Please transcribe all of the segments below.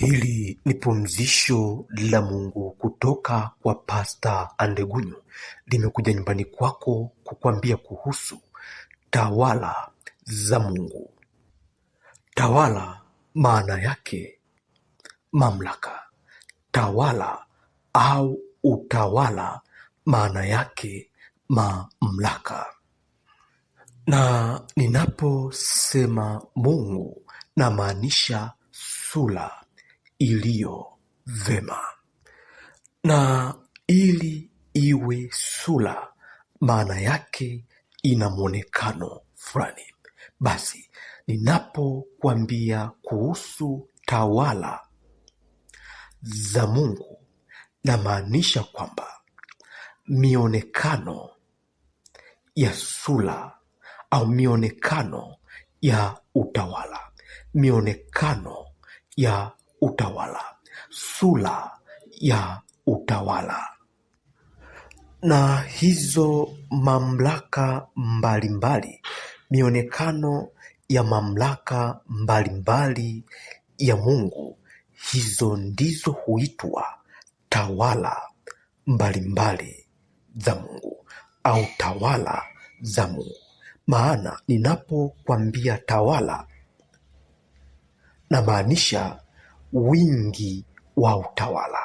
Hili ni pumzisho la Mungu kutoka kwa Pasta Andegunyu, limekuja nyumbani kwako kukwambia kuhusu tawala za Mungu. Tawala maana yake mamlaka, tawala au utawala maana yake mamlaka. Na ninaposema Mungu namaanisha sura iliyo vema, na ili iwe sura, maana yake ina mwonekano fulani. Basi ninapokwambia kuhusu tawala za Mungu, namaanisha kwamba mionekano ya sura au mionekano ya utawala, mionekano ya utawala, sura ya utawala na hizo mamlaka mbalimbali mbali, mionekano ya mamlaka mbalimbali mbali ya Mungu, hizo ndizo huitwa tawala mbalimbali mbali za Mungu au tawala za Mungu. Maana ninapokwambia tawala, namaanisha wingi wa utawala,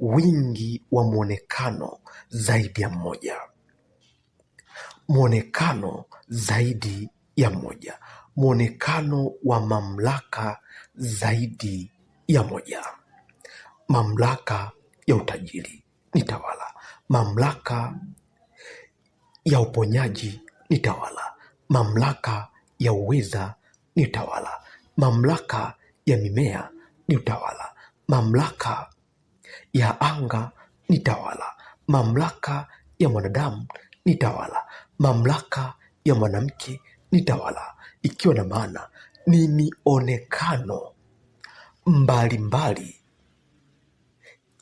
wingi wa mwonekano zaidi ya mmoja, mwonekano zaidi ya mmoja, mwonekano wa mamlaka zaidi ya moja, mamlaka ya utajiri ni tawala, mamlaka ya uponyaji ni tawala, mamlaka ya uweza ni tawala, mamlaka ya mimea ni utawala, mamlaka ya anga ni tawala, mamlaka ya mwanadamu ni tawala, mamlaka ya mwanamke ni tawala, ikiwa na maana ni mionekano mbalimbali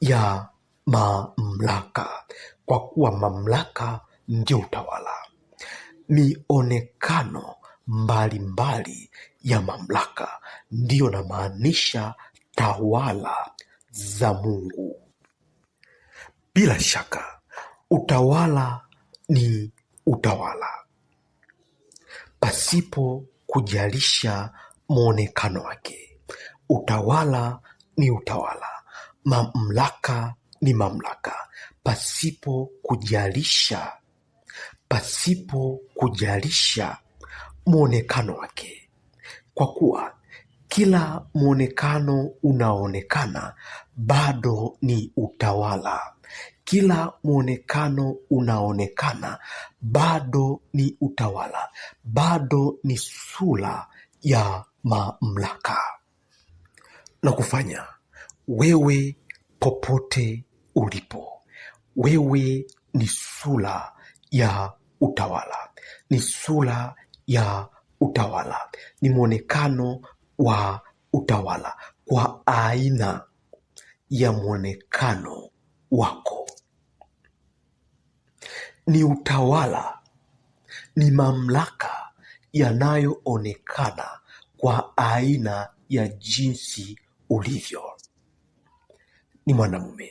ya mamlaka, kwa kuwa mamlaka ndio utawala. Mionekano mbalimbali ya mamlaka ndiyo namaanisha tawala za Mungu. Bila shaka utawala ni utawala pasipo kujalisha mwonekano wake. Utawala ni utawala, mamlaka ni mamlaka, pasipo kujalisha pasipo kujalisha mwonekano wake, kwa kuwa kila mwonekano unaonekana bado ni utawala. Kila mwonekano unaonekana bado ni utawala, bado ni sura ya mamlaka na kufanya wewe, popote ulipo, wewe ni sura ya utawala, ni sura ya utawala, ni mwonekano wa utawala kwa aina ya mwonekano wako. Ni utawala, ni mamlaka yanayoonekana kwa aina ya jinsi ulivyo. Ni mwanamume,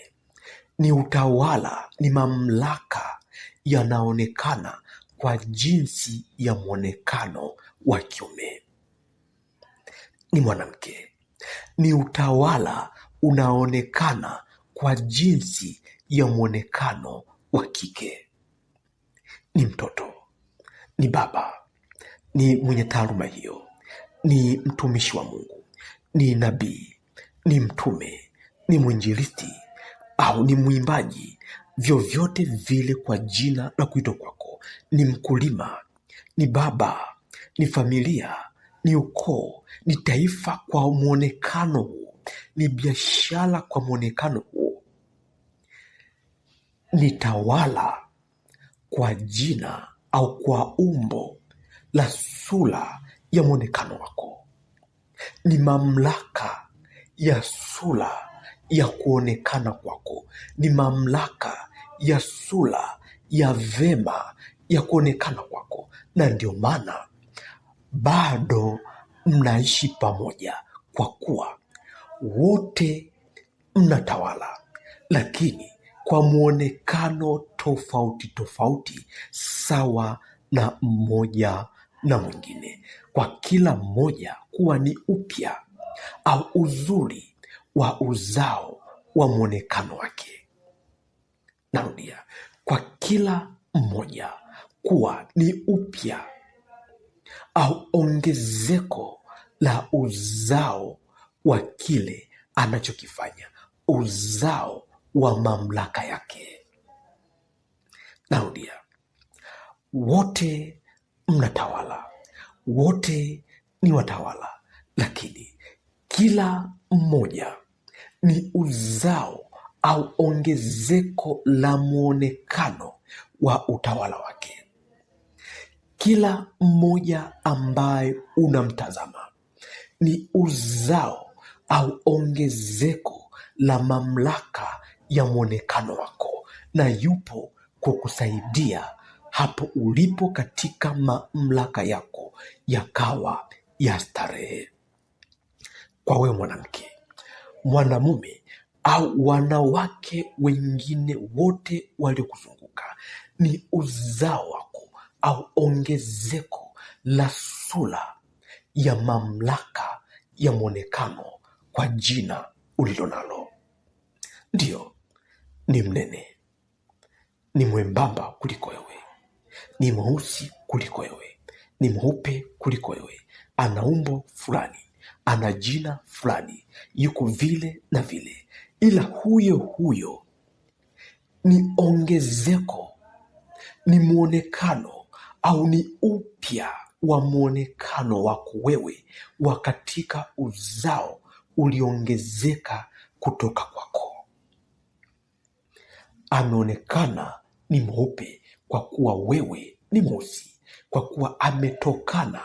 ni utawala, ni mamlaka yanaonekana kwa jinsi ya mwonekano wa kiume ni mwanamke. Ni utawala unaonekana kwa jinsi ya mwonekano wa kike. Ni mtoto, ni baba, ni mwenye taaluma hiyo, ni mtumishi wa Mungu, ni nabii, ni mtume, ni mwinjilisti au ni mwimbaji, vyovyote vile, kwa jina la kuitwa kwako, ni mkulima, ni baba, ni familia ni ukoo, ni taifa kwa mwonekano huo, ni biashara kwa mwonekano huo, ni tawala kwa jina au kwa umbo la sura ya mwonekano wako, ni mamlaka ya sura ya kuonekana kwako, ni mamlaka ya sura ya vema ya kuonekana kwako, na ndio maana bado mnaishi pamoja, kwa kuwa wote mnatawala, lakini kwa mwonekano tofauti tofauti, sawa na mmoja na mwingine, kwa kila mmoja kuwa ni upya au uzuri wa uzao wa mwonekano wake. Narudia, kwa kila mmoja kuwa ni upya au ongezeko la uzao wa kile anachokifanya, uzao wa mamlaka yake. Narudia, wote mnatawala, wote ni watawala, lakini kila mmoja ni uzao au ongezeko la mwonekano wa utawala wake kila mmoja ambaye unamtazama ni uzao au ongezeko la mamlaka ya mwonekano wako, na yupo kukusaidia hapo ulipo katika mamlaka yako yakawa ya starehe. Kwa wewe mwanamke, mwanamume au wanawake wengine wote waliokuzunguka ni uzao au ongezeko la sura ya mamlaka ya mwonekano kwa jina ulilo nalo. Ndiyo, ni mnene, ni mwembamba kuliko wewe, ni mweusi kuliko wewe, ni mweupe kuliko wewe, ana umbo fulani, ana jina fulani, yuko vile na vile, ila huyo huyo ni ongezeko, ni mwonekano au ni upya wa mwonekano wako wewe wa katika uzao uliongezeka kutoka kwako. Ameonekana ni mweupe kwa kuwa wewe ni mweusi, kwa kuwa ametokana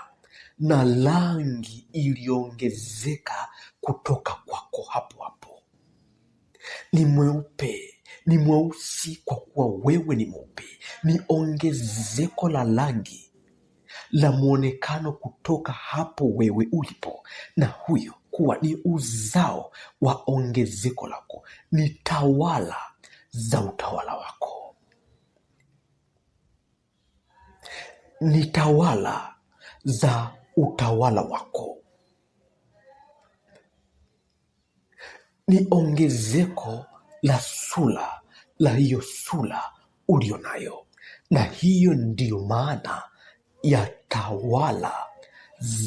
na rangi iliyoongezeka kutoka kwako. Hapo hapo ni mweupe ni mweusi kwa kuwa wewe ni mweupe. Ni ongezeko la rangi la mwonekano kutoka hapo wewe ulipo, na huyo kuwa ni uzao wa ongezeko lako, ni tawala za utawala wako, ni tawala za utawala wako, ni ongezeko la sula la hiyo sula ulio nayo, na hiyo ndiyo maana ya tawala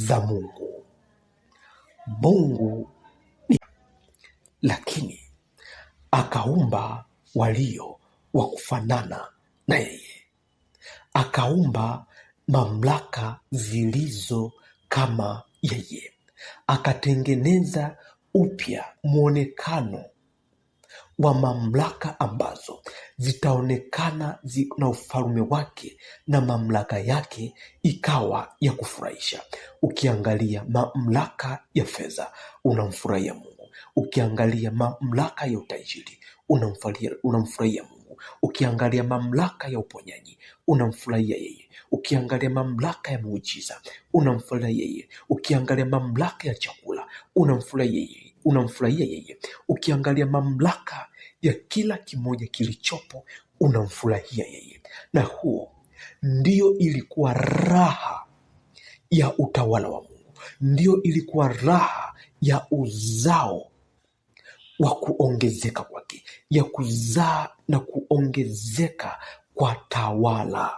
za Mungu. Mungu ni lakini akaumba walio wa kufanana na yeye, akaumba mamlaka zilizo kama yeye, akatengeneza upya mwonekano wa mamlaka ambazo zitaonekana zi na ufalme wake na mamlaka yake ikawa ya kufurahisha. Ukiangalia mamlaka ya fedha unamfurahia Mungu, ukiangalia mamlaka ya utajiri unamfurahia Mungu, ukiangalia mamlaka ya uponyaji unamfurahia yeye, ukiangalia mamlaka ya muujiza unamfurahia yeye, ukiangalia mamlaka ya chakula unamfurahia yeye unamfurahia yeye, ukiangalia mamlaka ya kila kimoja kilichopo unamfurahia yeye, na huo ndio ilikuwa raha ya utawala wa Mungu, ndio ilikuwa raha ya uzao wa kuongezeka kwake, ya kuzaa na kuongezeka kwa tawala,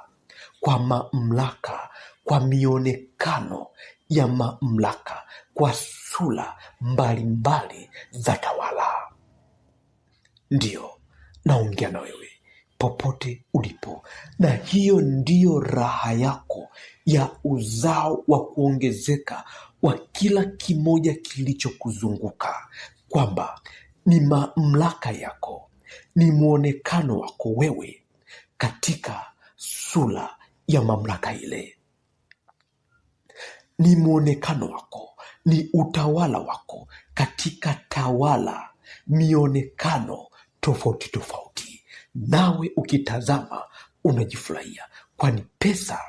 kwa mamlaka, kwa mionekano ya mamlaka, kwa sura mbalimbali za tawala. Ndiyo, naongea na wewe popote ulipo, na hiyo ndiyo raha yako ya uzao wa kuongezeka wa kila kimoja kilichokuzunguka, kwamba ni mamlaka yako, ni mwonekano wako wewe katika sura ya mamlaka ile, ni mwonekano wako, ni utawala wako katika tawala, mionekano tofauti tofauti, nawe ukitazama unajifurahia, kwani pesa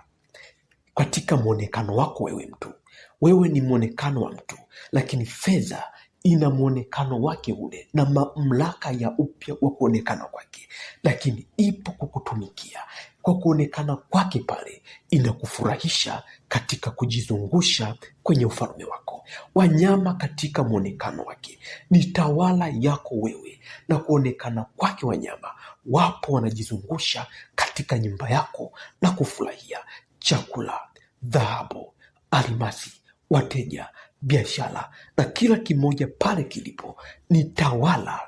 katika mwonekano wako wewe mtu, wewe ni mwonekano wa mtu, lakini fedha ina mwonekano wake ule na mamlaka ya upya wa kuonekana kwake, lakini ipo kukutumikia, kwa kuonekana kwake pale inakufurahisha katika kujizungusha kwenye ufalme wako. Wanyama katika mwonekano wake ni tawala yako wewe, na kuonekana kwake wanyama wapo wanajizungusha katika nyumba yako na kufurahia chakula, dhahabu, almasi, wateja, biashara na kila kimoja pale kilipo ni tawala,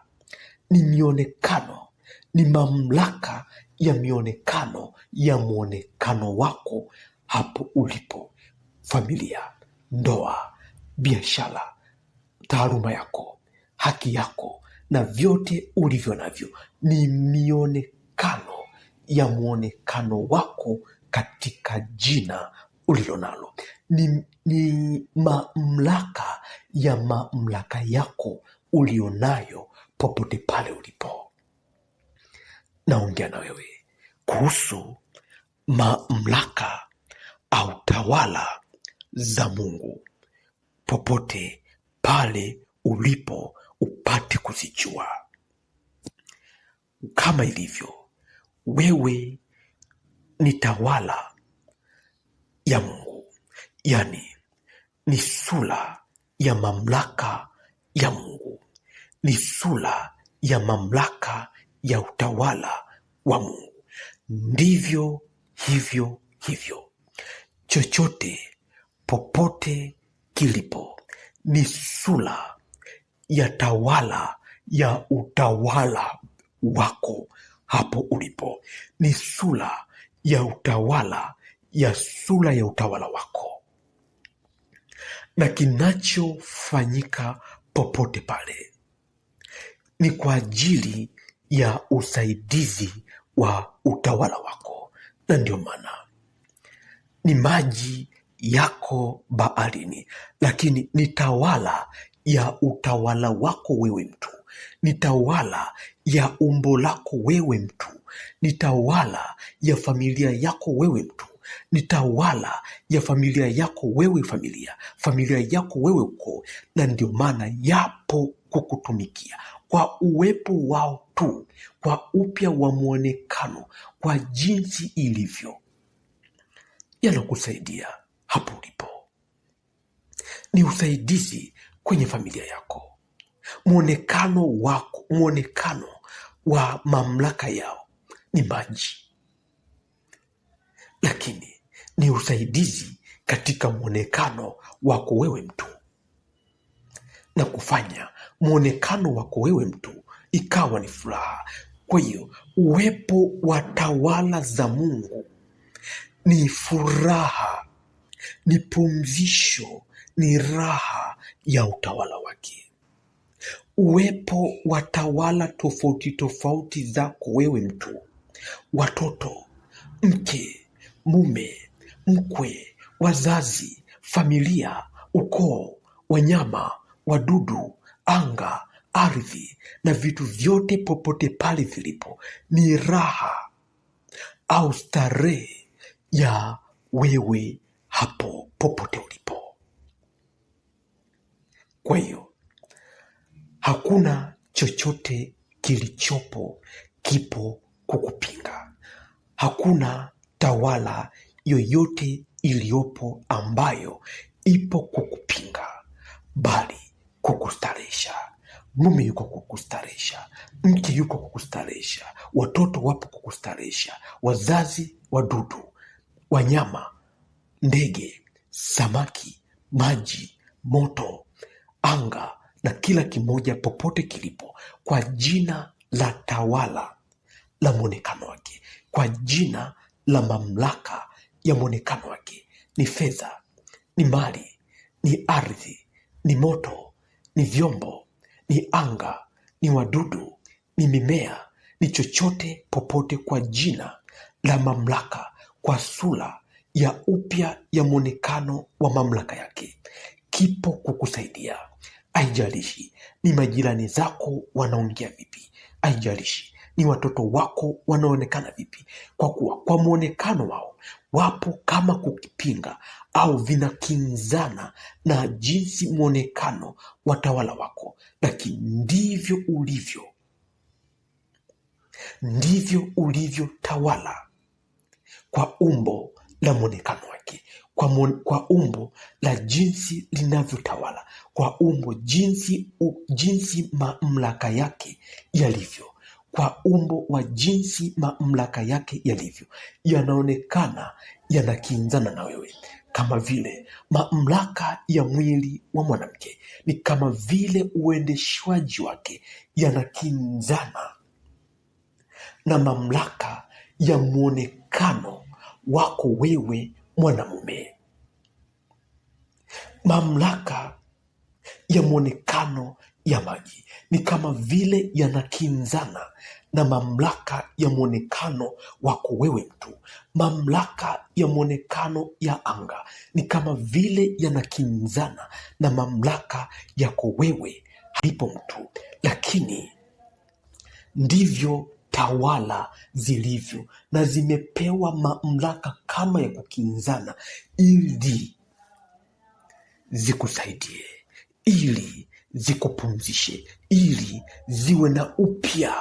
ni mionekano, ni mamlaka ya mionekano ya mwonekano wako hapo ulipo, familia, ndoa, biashara, taaluma yako, haki yako na vyote ulivyo navyo, ni mionekano ya mwonekano wako katika jina ulilo nalo. Ni, ni mamlaka ya mamlaka yako ulionayo popote pale ulipo. Naongea na wewe kuhusu mamlaka au tawala za Mungu popote pale ulipo upate kuzijua kama ilivyo wewe ni tawala ya Mungu, yani ni sura ya mamlaka ya Mungu, ni sura ya mamlaka ya utawala wa Mungu ndivyo hivyo hivyo, chochote popote kilipo ni sura ya tawala ya utawala wako hapo ulipo, ni sura ya utawala ya sura ya utawala wako, na kinachofanyika popote pale ni kwa ajili ya usaidizi wa utawala wako, na ndio maana ni maji yako baharini, lakini ni tawala ya utawala wako wewe mtu, ni tawala ya umbo lako wewe mtu, ni tawala ya familia yako wewe mtu ni tawala ya familia yako wewe, familia familia yako wewe uko na ndio maana yapo kukutumikia kwa uwepo wao tu kwa upya wa mwonekano, kwa jinsi ilivyo, yanakusaidia hapo ulipo. Ni usaidizi kwenye familia yako, mwonekano wako, mwonekano wa mamlaka yao ni maji, lakini ni usaidizi katika mwonekano wako wewe mtu na kufanya mwonekano wako wewe mtu ikawa ni furaha. Kwa hiyo uwepo wa tawala za Mungu ni furaha, ni pumzisho, ni raha ya utawala wake. Uwepo wa tawala tofauti tofauti zako wewe, mtu, watoto, mke, mume, mkwe, wazazi, familia, ukoo, wanyama, wadudu, anga ardhi na vitu vyote popote pale vilipo ni raha au starehe ya wewe hapo popote ulipo. Kwa hiyo hakuna chochote kilichopo kipo kukupinga. Hakuna tawala yoyote iliyopo ambayo ipo kukupinga, bali kukustarehesha. Mume yuko kukustarehesha, mke yuko kukustarehesha, watoto wapo kukustarehesha, wazazi, wadudu, wanyama, ndege, samaki, maji, moto, anga na kila kimoja popote kilipo, kwa jina la tawala la mwonekano wake, kwa jina la mamlaka ya mwonekano wake. Ni fedha, ni mali, ni ardhi, ni moto, ni vyombo ni anga, ni wadudu, ni mimea, ni chochote popote, kwa jina la mamlaka, kwa sura ya upya ya mwonekano wa mamlaka yake, kipo kukusaidia. Haijalishi ni majirani zako wanaongea vipi, haijalishi ni watoto wako wanaonekana vipi, kwa kuwa kwa mwonekano wao wapo kama kukipinga au vinakinzana na jinsi mwonekano wa tawala wako, lakini ndivyo ulivyo, ndivyo ulivyo tawala kwa umbo la mwonekano wake, kwa, mon, kwa umbo la jinsi linavyotawala, kwa umbo jinsi, u, jinsi mamlaka yake yalivyo kwa umbo wa jinsi mamlaka yake yalivyo, yanaonekana yanakinzana na wewe, kama vile mamlaka ya mwili wa mwanamke ni kama vile uendeshwaji wake yanakinzana na mamlaka ya mwonekano wako wewe mwanamume. Mamlaka ya mwonekano ya maji ni kama vile yanakinzana na mamlaka ya mwonekano wako wewe mtu. Mamlaka ya mwonekano ya anga ni kama vile yanakinzana na mamlaka yako wewe, halipo mtu, lakini ndivyo tawala zilivyo na zimepewa mamlaka kama ya kukinzana, ili zikusaidie, ili zikupumzishe, ili ziwe na upya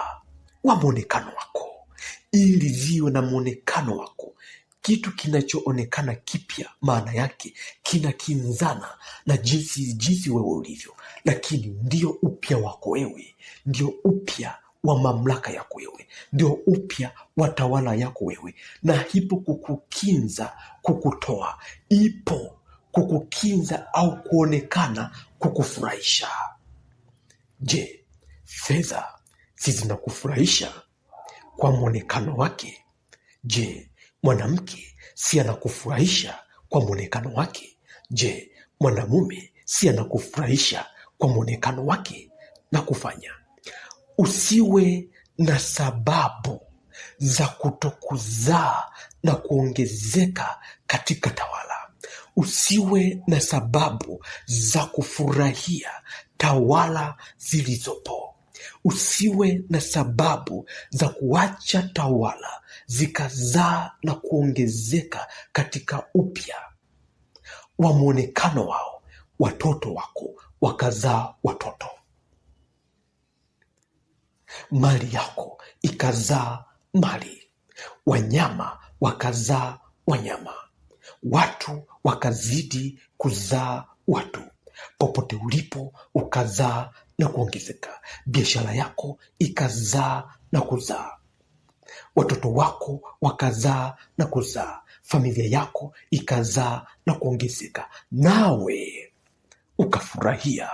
wa mwonekano wako, ili ziwe na mwonekano wako. Kitu kinachoonekana kipya maana yake kinakinzana na jinsi jinsi wewe ulivyo, lakini ndio upya wako wewe, ndio upya wa mamlaka yako wewe, ndio upya wa tawala yako wewe, na hipo kukukinza kukutoa, ipo kukukinza au kuonekana kukufurahisha. Je, fedha si zinakufurahisha kwa mwonekano wake? Je, mwanamke si anakufurahisha kwa mwonekano wake? Je, mwanamume si anakufurahisha kwa mwonekano wake? Na kufanya usiwe na sababu za kutokuzaa na kuongezeka katika tawala usiwe na sababu za kufurahia tawala zilizopo. Usiwe na sababu za kuacha tawala zikazaa na kuongezeka katika upya wa mwonekano wao, watoto wako wakazaa watoto, mali yako ikazaa mali, wanyama wakazaa wanyama watu wakazidi kuzaa watu. Popote ulipo ukazaa na kuongezeka, biashara yako ikazaa na kuzaa, watoto wako wakazaa na kuzaa, familia yako ikazaa na kuongezeka, nawe ukafurahia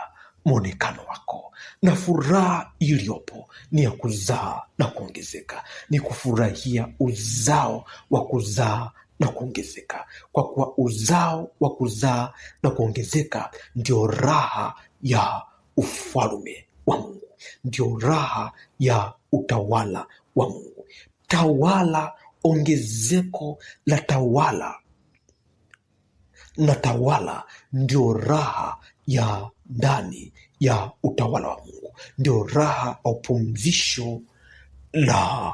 mwonekano wako, na furaha iliyopo ni ya kuzaa na kuongezeka, ni kufurahia uzao wa kuzaa na kuongezeka, kwa kuwa uzao wa kuzaa na kuongezeka ndio raha ya ufalume wa Mungu, ndio raha ya utawala wa Mungu. Tawala, ongezeko la tawala na tawala ndio raha ya ndani ya utawala wa Mungu, ndio raha au pumzisho la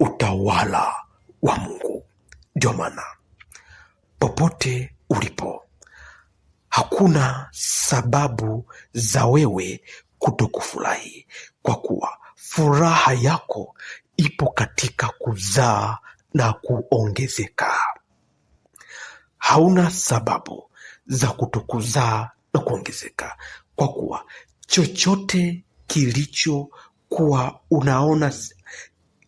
utawala wa Mungu. Ndio maana popote ulipo, hakuna sababu za wewe kutokufurahi, kwa kuwa furaha yako ipo katika kuzaa na kuongezeka. Hauna sababu za kutokuzaa na kuongezeka, kwa kuwa chochote kilichokuwa unaona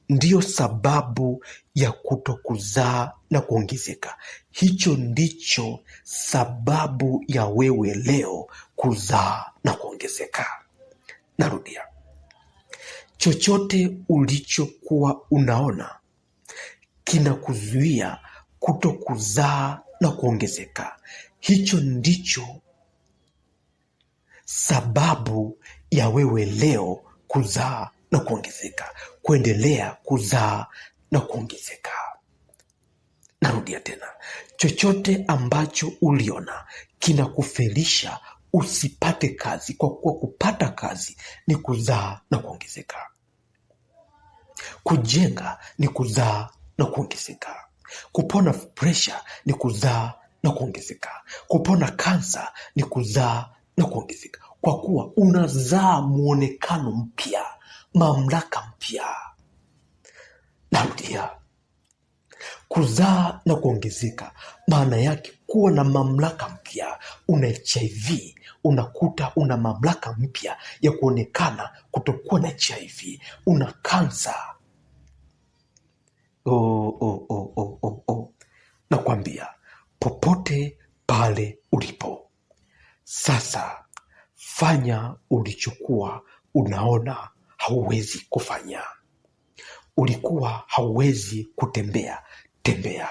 ndiyo sababu ya kuto kuzaa na kuongezeka. Hicho ndicho sababu ya wewe leo kuzaa na kuongezeka. Narudia, chochote ulichokuwa unaona kinakuzuia kuzaa na kuongezeka, hicho ndicho sababu ya wewe leo kuzaa na kuongezeka, kuendelea kuzaa na kuongezeka. Narudia tena, chochote ambacho uliona kinakufelisha usipate kazi, kwa kuwa kupata kazi ni kuzaa na kuongezeka. Kujenga ni kuzaa na kuongezeka. Kupona presha ni kuzaa na kuongezeka. Kupona kansa ni kuzaa na kuongezeka, kwa kuwa unazaa mwonekano mpya, mamlaka mpya na kuzaa na kuongezeka, maana yake kuwa na mamlaka mpya. Una HIV unakuta una mamlaka mpya ya kuonekana kutokuwa na HIV. Una kansa oh, oh, oh, oh, oh, oh. Nakwambia popote pale ulipo sasa, fanya ulichokuwa unaona hauwezi kufanya ulikuwa hauwezi kutembea tembea,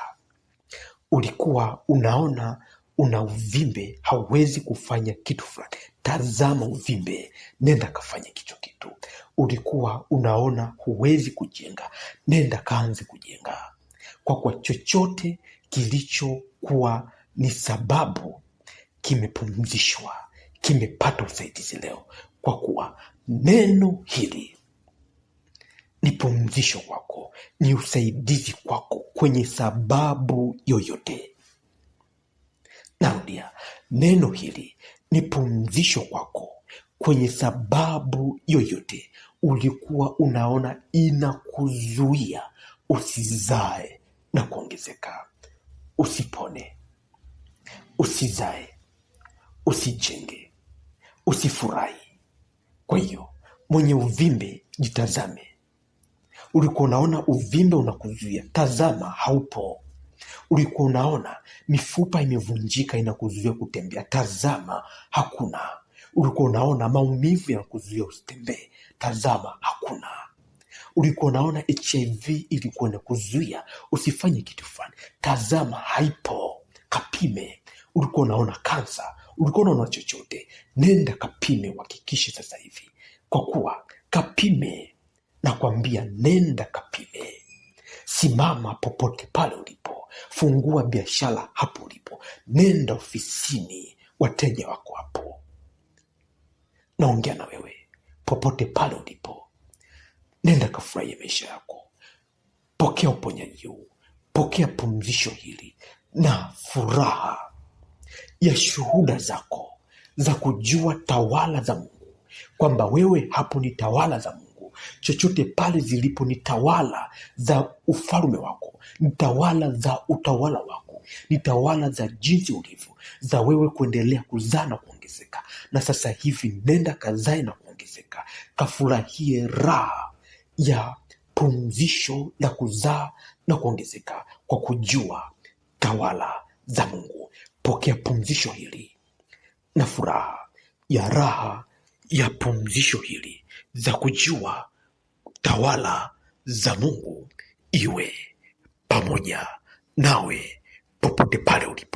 ulikuwa unaona una uvimbe hauwezi kufanya kitu fulani, tazama uvimbe, nenda kafanye kicho kitu. Ulikuwa unaona huwezi kujenga, nenda kaanze kujenga. Kwa kuwa chochote kilichokuwa ni sababu kimepumzishwa, kimepata usaidizi leo, kwa kuwa neno hili ni pumzisho kwako, ni usaidizi kwako kwenye sababu yoyote. Narudia, neno hili ni pumzisho kwako kwenye sababu yoyote ulikuwa unaona inakuzuia usizae na kuongezeka, usipone, usizae, usijenge, usifurahi. Kwa hiyo mwenye uvimbe, jitazame Ulikuwa unaona uvimbe unakuzuia, tazama, haupo. Ulikuwa unaona mifupa imevunjika inakuzuia kutembea, tazama, hakuna. Ulikuwa unaona maumivu yanakuzuia usitembee, tazama, hakuna. Ulikuwa unaona HIV ilikuwa inakuzuia usifanye kitu fulani, tazama, haipo, kapime. Ulikuwa unaona kansa, ulikuwa unaona chochote, nenda kapime, uhakikishe sasa hivi, kwa kuwa kapime nakwambia, nenda kapime, simama popote pale ulipo, fungua biashara hapo ulipo, nenda ofisini, wateja wako hapo, naongea na wewe popote pale ulipo, nenda kafurahia maisha yako, pokea uponyaji huu, pokea pumzisho hili na furaha ya shuhuda zako za kujua tawala za Mungu, kwamba wewe hapo ni tawala za Mungu chochote pale zilipo, ni tawala za ufalme wako, ni tawala za utawala wako, ni tawala za jinsi ulivyo, za wewe kuendelea kuzaa na kuongezeka. Na sasa hivi nenda kazae na kuongezeka, kafurahie raha ya pumzisho la kuzaa na kuongezeka kwa kujua tawala za Mungu. Pokea pumzisho hili na furaha ya raha ya pumzisho hili za kujua tawala za Mungu iwe pamoja nawe popote pale ulipo.